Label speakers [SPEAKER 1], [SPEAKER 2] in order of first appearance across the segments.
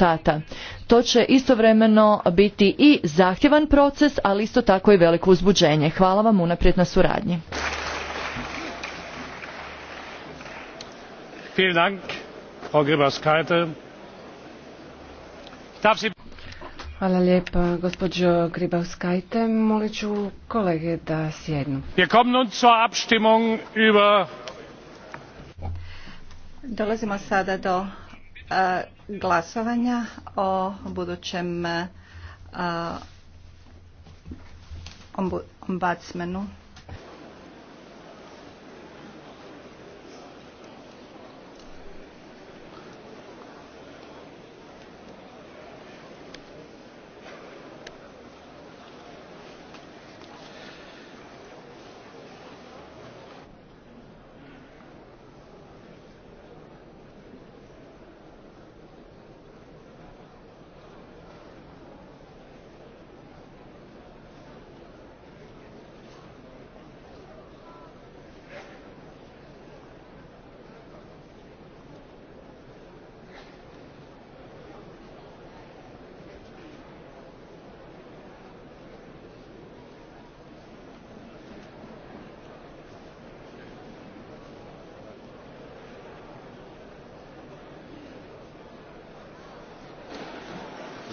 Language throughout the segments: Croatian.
[SPEAKER 1] rezultata. To će istovremeno biti i zahtjevan proces, ali isto tako i veliko uzbuđenje. Hvala vam unaprijed na suradnji. Hvala lijepa, gospođo Gribavskajte. Molit ću kolege da sjednu. Dolazimo sada do glasovanja o budućem ombudsmanu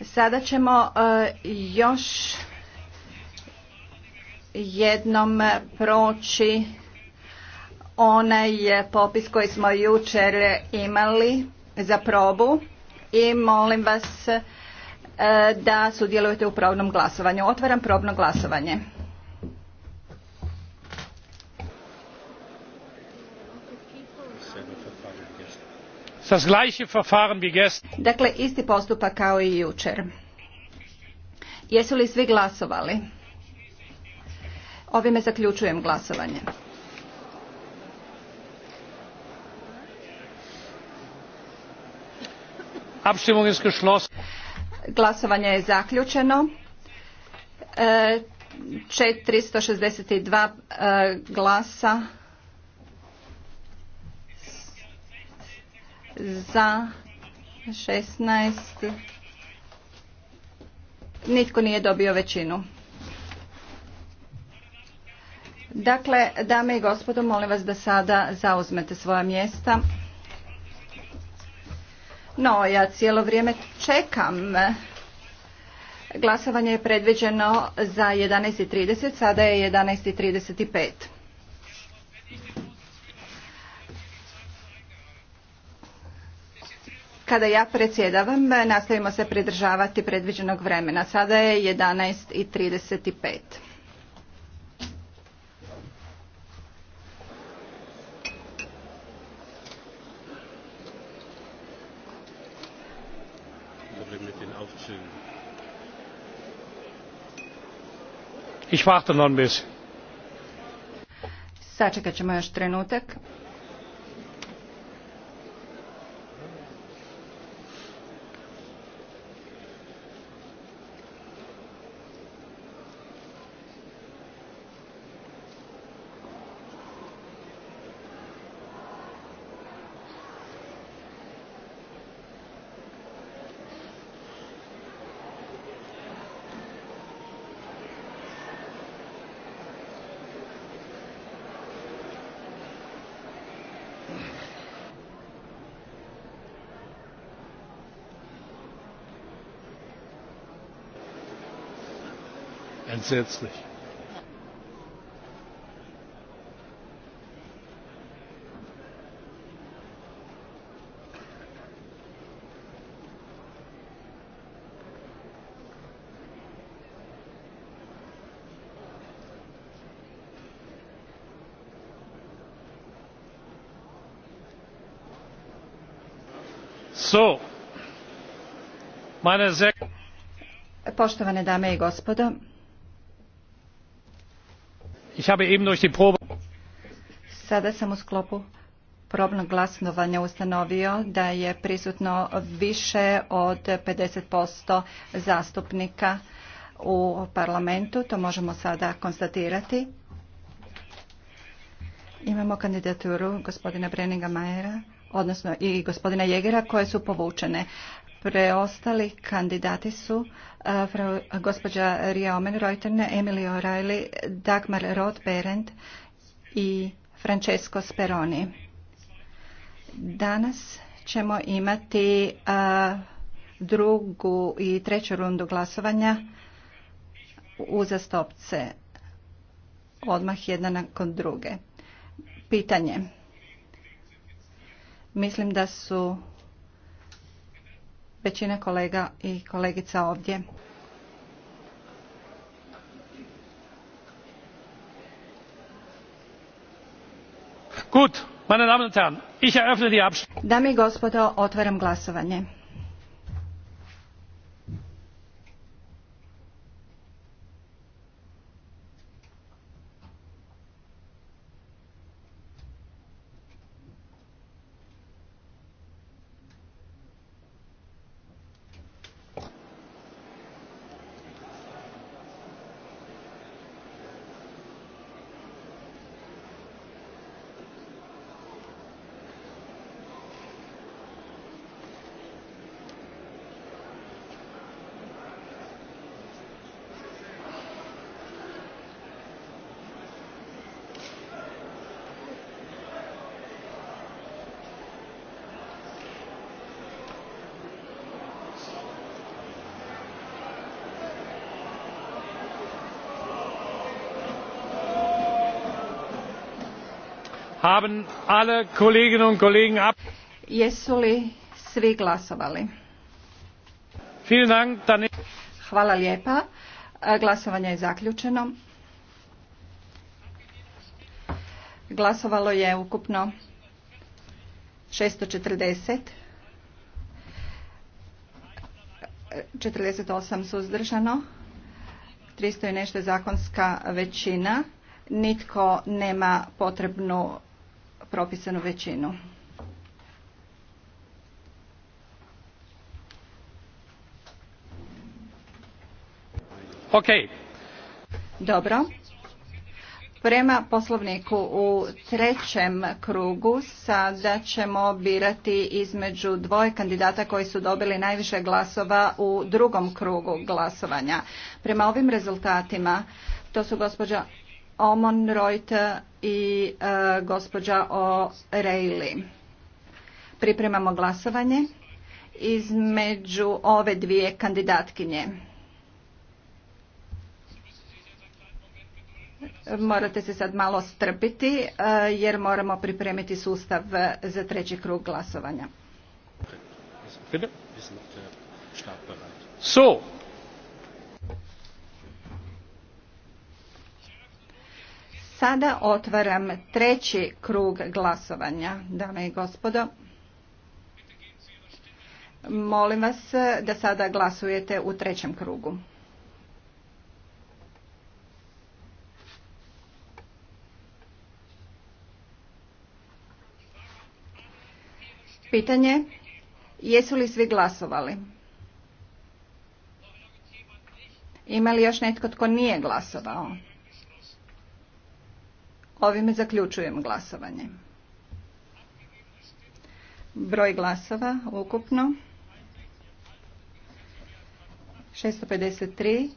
[SPEAKER 1] Sada ćemo e, još jednom proći onaj popis koji smo jučer imali za probu i molim vas e, da sudjelujete u probnom glasovanju. Otvaram probno glasovanje. Dakle, isti postupak kao i jučer. Jesu li svi glasovali? Ovime zaključujem glasovanje. Glasovanje je zaključeno. 462 e, e, glasa za 16 nitko nije dobio većinu dakle dame i gospodo molim vas da sada zauzmete svoja mjesta no ja cijelo vrijeme čekam glasovanje je predviđeno za 11:30 sada je 11:35 Kada ja predsjedavam, nastavimo se pridržavati predviđenog vremena. Sada je 11.35.
[SPEAKER 2] Ich warte noch ein bisschen.
[SPEAKER 1] Sačekat ćemo još trenutak.
[SPEAKER 2] grundsätzlich. So, meine
[SPEAKER 1] Poštovane dame i gospodo, Sada sam u sklopu probnog glasnovanja ustanovio da je prisutno više od 50% zastupnika u parlamentu. To možemo sada konstatirati. Imamo kandidaturu gospodina Breninga Majera, odnosno i gospodina Jegera koje su povučene. Preostali kandidati su e, gospođa Rija Omen Reuterne, Emily O'Reilly, Dagmar Roth-Berendt i Francesco Speroni. Danas ćemo imati e, drugu i treću rundu glasovanja uzastopce odmah jedna nakon druge. Pitanje. Mislim da su većine kolega i kolegica ovdje.
[SPEAKER 2] Gut, meine Damen und Herren,
[SPEAKER 1] ich eröffne die Dame i gospodo, otvaram glasovanje. jesu li svi glasovali hvala lijepa glasovanje je zaključeno glasovalo je ukupno 640 48 suzdržano 300 i nešto je zakonska većina nitko nema potrebnu propisanu većinu. Okay. Dobro. Prema poslovniku u trećem krugu sada ćemo birati između dvoje kandidata koji su dobili najviše glasova u drugom krugu glasovanja. Prema ovim rezultatima to su gospođa Omon Reuter i e, gospođa O'Reilly. Pripremamo glasovanje između ove dvije kandidatkinje. Morate se sad malo strpiti e, jer moramo pripremiti sustav za treći krug glasovanja. So, Sada otvaram treći krug glasovanja, dame i gospodo. Molim vas da sada glasujete u trećem krugu. Pitanje, jesu li svi glasovali? Ima li još netko tko nije glasovao? Ovime zaključujem glasovanje. Broj glasova ukupno 653.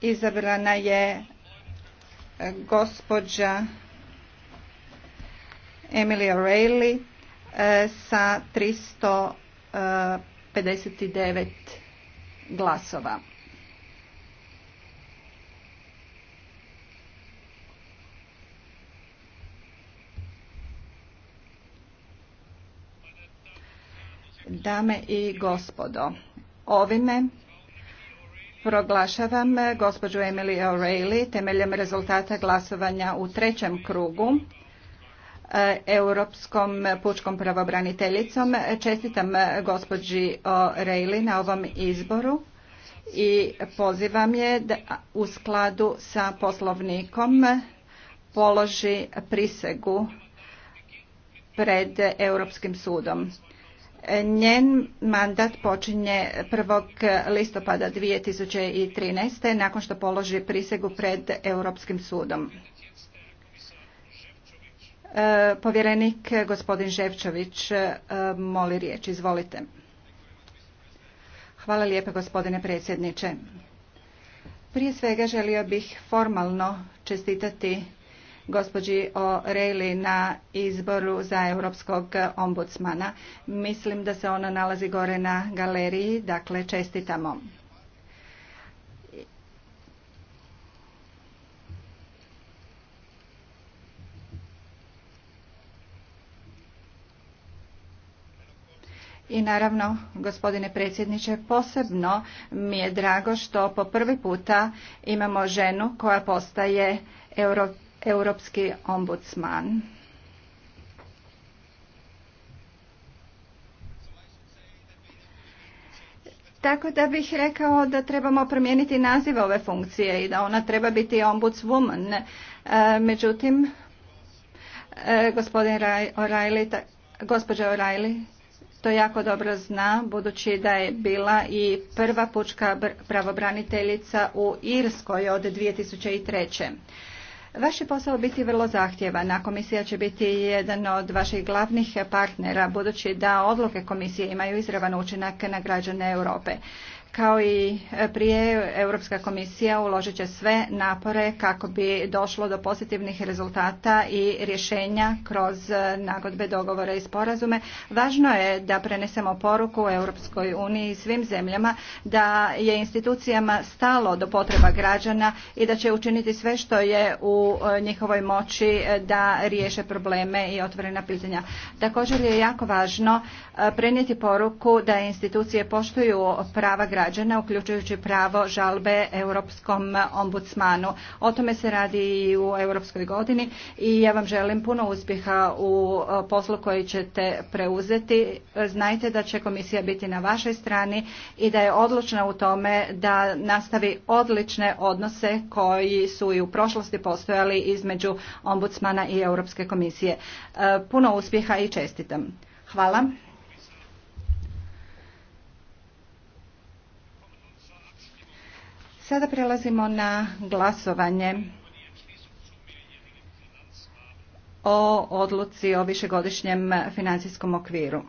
[SPEAKER 1] Izabrana je e, gospođa Emily O'Reilly e, sa 359 e, glasova. Dame i gospodo, ovime proglašavam gospođu Emily O'Reilly temeljem rezultata glasovanja u trećem krugu eh, Europskom pučkom pravobraniteljicom. Čestitam gospođi O'Reilly na ovom izboru i pozivam je da u skladu sa poslovnikom položi prisegu pred Europskim sudom. Njen mandat počinje 1. listopada 2013. nakon što položi prisegu pred Europskim sudom. E, povjerenik gospodin Ževčović e, moli riječ. Izvolite. Hvala lijepa gospodine predsjedniče. Prije svega želio bih formalno čestitati gospođi O'Reilly na izboru za europskog ombudsmana. Mislim da se ona nalazi gore na galeriji, dakle čestitamo. I naravno, gospodine predsjedniče, posebno mi je drago što po prvi puta imamo ženu koja postaje europska europski ombudsman. Tako da bih rekao da trebamo promijeniti naziv ove funkcije i da ona treba biti ombudswoman. E, međutim, e, gospodin O'Reilly, gospođa O'Reilly to jako dobro zna, budući da je bila i prva pučka pravobraniteljica u Irskoj od 2003. Vaš posao biti vrlo zahtjevan, a komisija će biti jedan od vaših glavnih partnera, budući da odluke komisije imaju izravan učinak na građane Europe. Kao i prije, Europska komisija uložit će sve napore kako bi došlo do pozitivnih rezultata i rješenja kroz nagodbe, dogovore i sporazume. Važno je da prenesemo poruku Europskoj uniji i svim zemljama da je institucijama stalo do potreba građana i da će učiniti sve što je u njihovoj moći da riješe probleme i otvorena pitanja. Također je jako važno e, prenijeti poruku da institucije poštuju prava građana građana, uključujući pravo žalbe Europskom ombudsmanu. O tome se radi i u Europskoj godini i ja vam želim puno uspjeha u e, poslu koji ćete preuzeti. Znajte da će komisija biti na vašoj strani i da je odlučna u tome da nastavi odlične odnose koji su i u prošlosti postojali između ombudsmana i Europske komisije. E, puno uspjeha i čestitam. Hvala. Sada prelazimo na glasovanje o odluci o višegodišnjem financijskom okviru.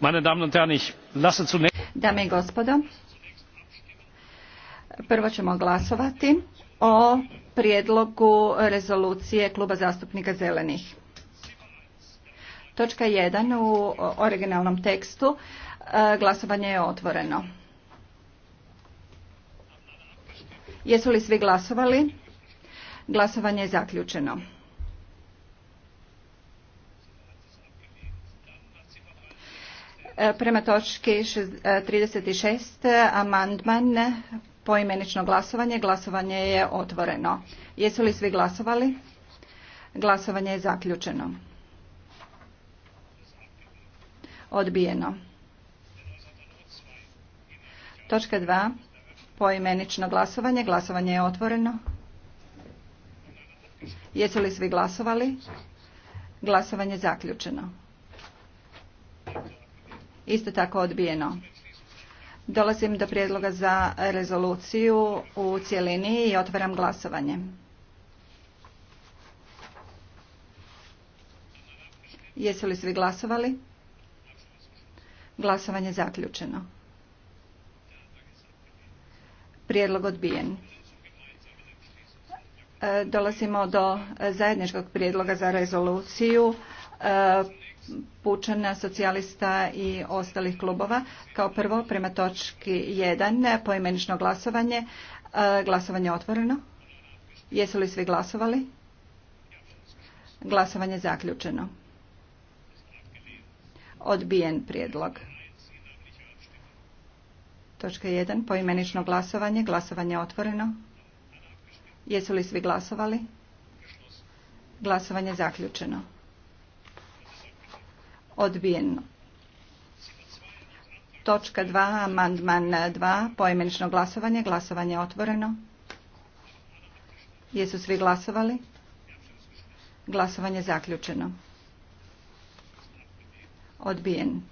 [SPEAKER 2] Meine Damen und Herren, ich lasse zunächst
[SPEAKER 1] Dame i gospodo, prvo ćemo glasovati o prijedlogu rezolucije Kluba zastupnika zelenih. Točka 1 u originalnom tekstu. E, glasovanje je otvoreno. Jesu li svi glasovali? Glasovanje je zaključeno. E, prema točki 36 e, e, amandman poimenično glasovanje. Glasovanje je otvoreno. Jesu li svi glasovali? Glasovanje je zaključeno. Odbijeno. Točka 2. Poimenično glasovanje. Glasovanje je otvoreno. Jesu li svi glasovali? Glasovanje je zaključeno. Isto tako odbijeno. Dolazim do prijedloga za rezoluciju u cjelini i otvaram glasovanje. Jesu li svi glasovali? Glasovanje zaključeno. Prijedlog odbijen. E, dolazimo do zajedničkog prijedloga za rezoluciju e, pučana, socijalista i ostalih klubova. Kao prvo, prema točki 1, poimenično glasovanje. E, glasovanje otvoreno. Jesu li svi glasovali? Glasovanje zaključeno. Odbijen prijedlog. Točka 1. Poimenično glasovanje. Glasovanje otvoreno. Jesu li svi glasovali? Glasovanje zaključeno. Odbijeno. Točka 2, amandman 2, poimenično glasovanje. Glasovanje je otvoreno. Jesu svi glasovali? Glasovanje je zaključeno. Odbijen.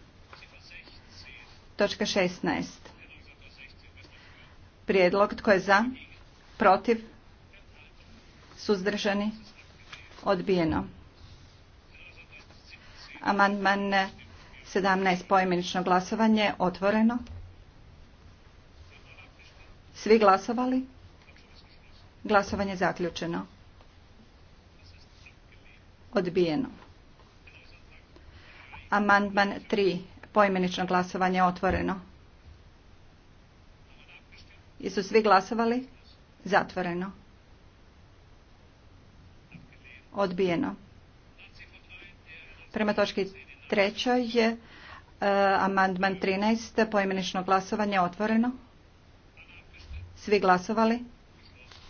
[SPEAKER 1] Točka 16. Prijedlog tko je za? Protiv? Suzdržani? Odbijeno. Amandman 17 poimenično glasovanje otvoreno. Svi glasovali? Glasovanje zaključeno. Odbijeno. Amandman 3 poimenično glasovanje otvoreno. Jesu svi glasovali? Zatvoreno. Odbijeno. Prema točki trećoj je e, amandman 13. Poimenično glasovanje otvoreno. Svi glasovali?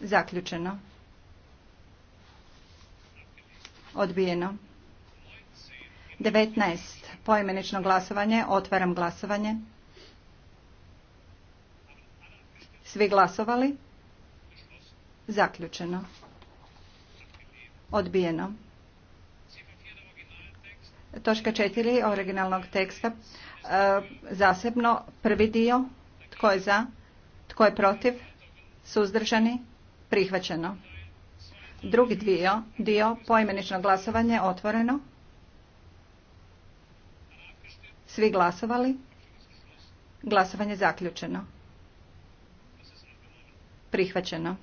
[SPEAKER 1] Zaključeno. Odbijeno. 19. Poimenično glasovanje. Otvaram glasovanje. Svi glasovali? Zaključeno. Odbijeno. Točka četiri originalnog teksta. E, zasebno prvi dio. Tko je za? Tko je protiv? Suzdržani? Prihvaćeno. Drugi dio, dio poimenično glasovanje otvoreno. Svi glasovali. Glasovanje zaključeno. Prihvaćeno.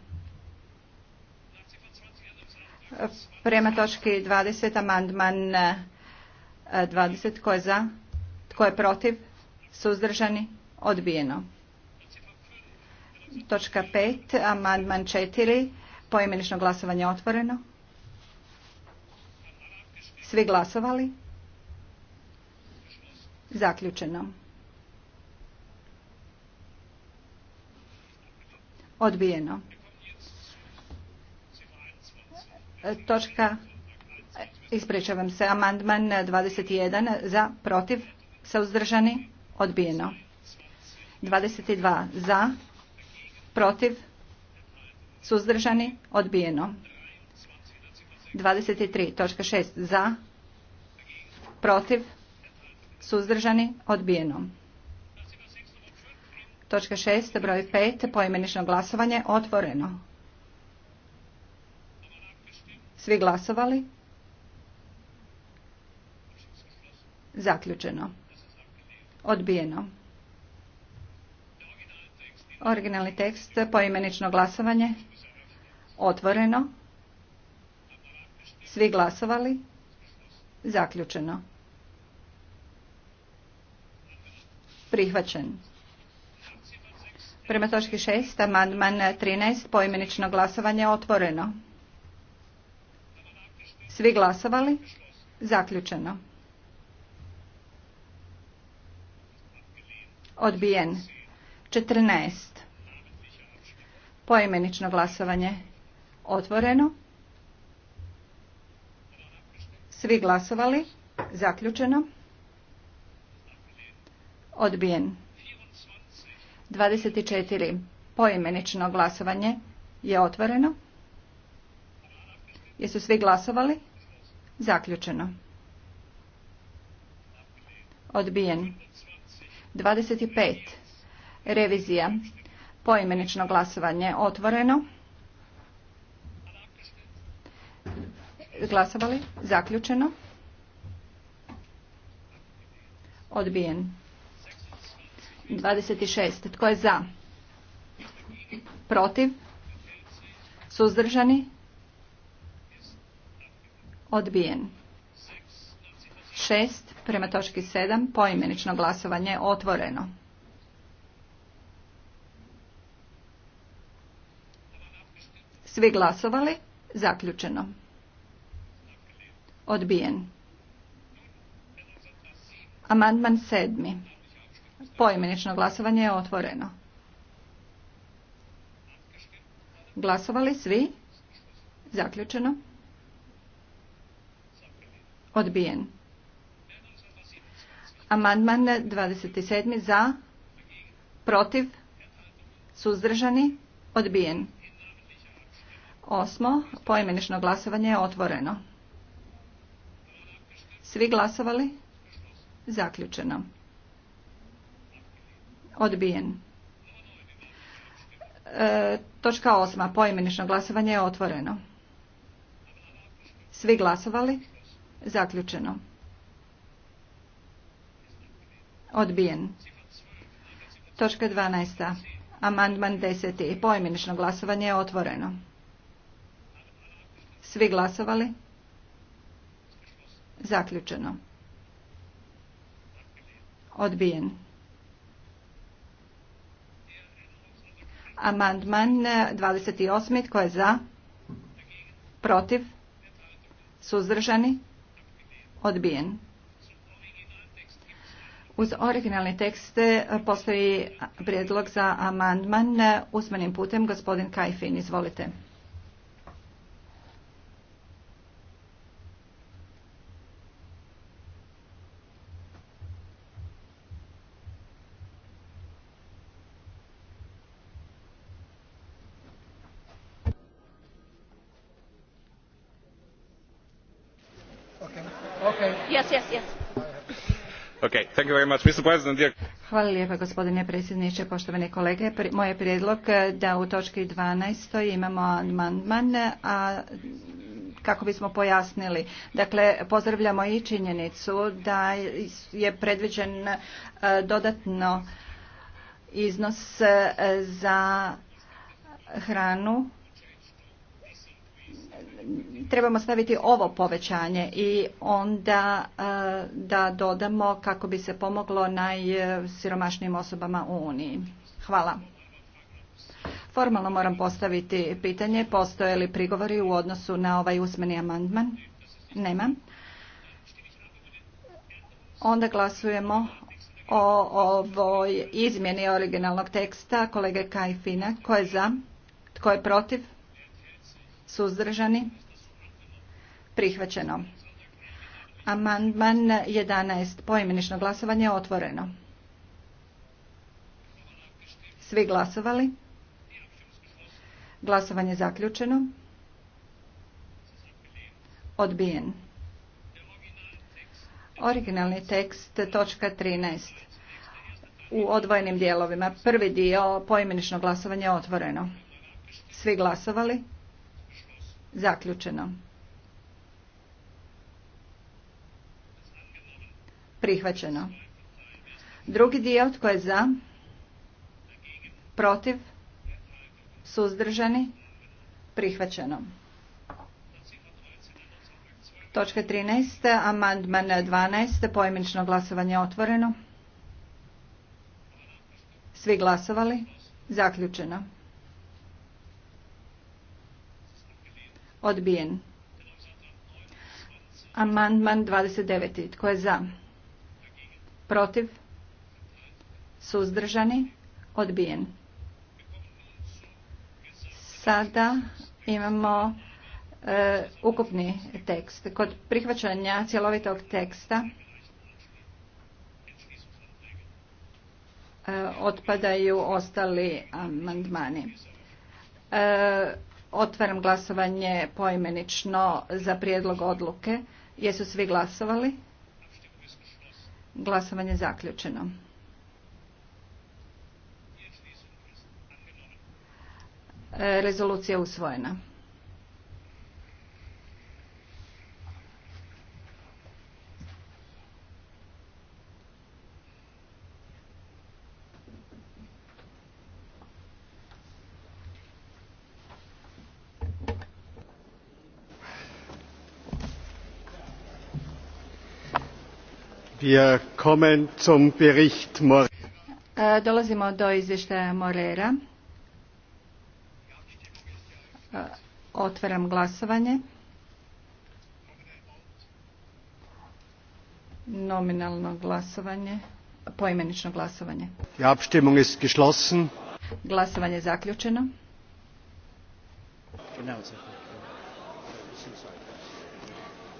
[SPEAKER 1] Prema točki 20 amandman 20. Tko je za? Tko je protiv? Suzdržani? Odbijeno. Točka 5. Amandman 4. Poimenično glasovanje otvoreno. Svi glasovali? Zaključeno. Odbijeno. Točka Ispričavam se. Amandman 21 za, protiv, suzdržani, odbijeno. 22 za, protiv, suzdržani, odbijeno. 23.6 za, protiv, suzdržani, odbijeno. Točka 6 broj 5 poimenično glasovanje otvoreno. Svi glasovali? Zaključeno. Odbijeno. Originalni tekst, poimenično glasovanje. Otvoreno. Svi glasovali. Zaključeno. Prihvaćen. Prema točki 6, amandman 13, poimenično glasovanje otvoreno. Svi glasovali? Zaključeno. Odbijen. 14. Poimenično glasovanje. Otvoreno. Svi glasovali. Zaključeno. Odbijen. 24. Poimenično glasovanje je otvoreno. Jesu svi glasovali? Zaključeno. Odbijen. 25. Revizija. Poimenično glasovanje otvoreno. Glasovali? Zaključeno. Odbijen. 26. Tko je za? Protiv? Suzdržani? Odbijen. 6. Prema točki 7 poimenično glasovanje otvoreno. Svi glasovali? Zaključeno. Odbijen. Amandman sedmi. Poimenično glasovanje je otvoreno. Glasovali svi? Zaključeno. Odbijen. Amandman 27. za, protiv, suzdržani, odbijen. Osmo, poimenično glasovanje je otvoreno. Svi glasovali? Zaključeno. Odbijen. E, točka osma, poimenično glasovanje je otvoreno. Svi glasovali? Zaključeno. Odbijen. Točka 12. Amandman 10. Pojmenično glasovanje je otvoreno. Svi glasovali? Zaključeno. Odbijen. Amandman 28. Tko je za? Protiv? Suzdržani? Odbijen. Uz originalni tekst eh, postoji prijedlog za amandman eh, usmenim putem. Gospodin Kajfin, izvolite. Hvala gospodine predsjedniče, poštovane kolege. Moj je prijedlog eh, da u točki 12. imamo amandman, a kako bismo pojasnili. Dakle, pozdravljamo i činjenicu da je predviđen eh, dodatno iznos eh, za hranu trebamo staviti ovo povećanje i onda e, da dodamo kako bi se pomoglo najsiromašnijim osobama u Uniji. Hvala. Formalno moram postaviti pitanje. Postoje li prigovori u odnosu na ovaj usmeni amandman? Nema. Onda glasujemo o ovoj izmjeni originalnog teksta kolege Kajfina. Ko je za? Tko je protiv? Suzdržani? Prihvaćeno. Amandman 11. Poimenično glasovanje je otvoreno. Svi glasovali? Glasovanje zaključeno. Odbijen. Originalni tekst, točka 13. U odvojenim dijelovima. Prvi dio, poimenično glasovanje je otvoreno. Svi glasovali? Zaključeno. Prihvaćeno. Drugi dio, tko je za? Protiv? Suzdržani? Prihvaćeno. Točka 13. Amandman 12. Poimenično glasovanje otvoreno. Svi glasovali? Zaključeno. Odbijen. Amandman 29. Tko je za? Protiv? Suzdržani? Odbijen. Sada imamo e, ukupni tekst. Kod prihvaćanja cjelovitog teksta e, otpadaju ostali amandmani. E, Otvaram glasovanje poimenično za prijedlog odluke. Jesu svi glasovali? Glasovanje zaključeno. E, rezolucija usvojena. E, dolazimo do izvještaja Morera. E, otvaram glasovanje. Nominalno glasovanje, poimenično glasovanje.
[SPEAKER 2] Die Abstimmung ist geschlossen.
[SPEAKER 1] Glasovanje je zaključeno.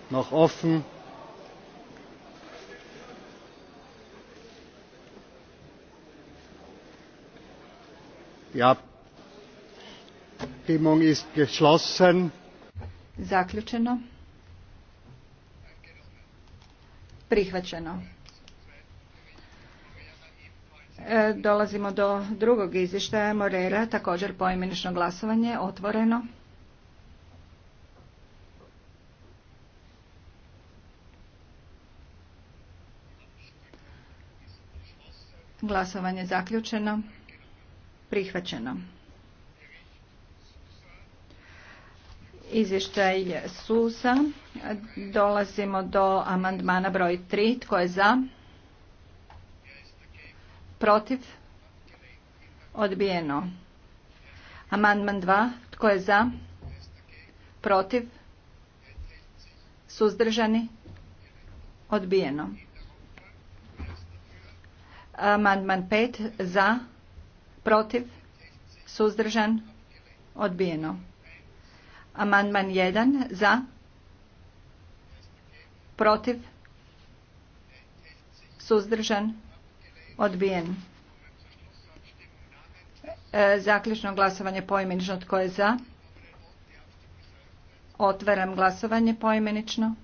[SPEAKER 2] Noch offen.
[SPEAKER 1] Zaključeno. Prihvaćeno. E, dolazimo do drugog izvještaja Morera, također poimenično glasovanje, otvoreno. Glasovanje zaključeno prihvaćeno. Izvještaj Susa. Dolazimo do amandmana broj 3. Tko je za? Protiv? Odbijeno. Amandman 2. Tko je za? Protiv? Suzdržani? Odbijeno. Amandman 5. Za? Protiv? Suzdržan? Odbijeno. Amandman 1. Za? Protiv? Suzdržan? Odbijen. E, zaključno glasovanje poimenično. Tko je za? Otvaram glasovanje poimenično.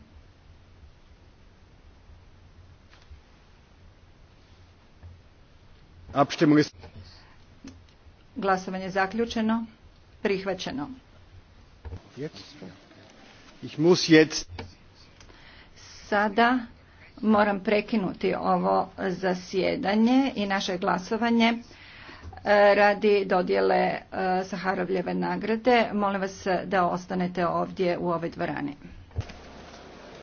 [SPEAKER 1] ist Glasovanje zaključeno. Prihvaćeno. Sada moram prekinuti ovo zasjedanje i naše glasovanje e, radi dodjele e, Saharovljeve nagrade. Molim vas da ostanete ovdje u ovoj dvorani.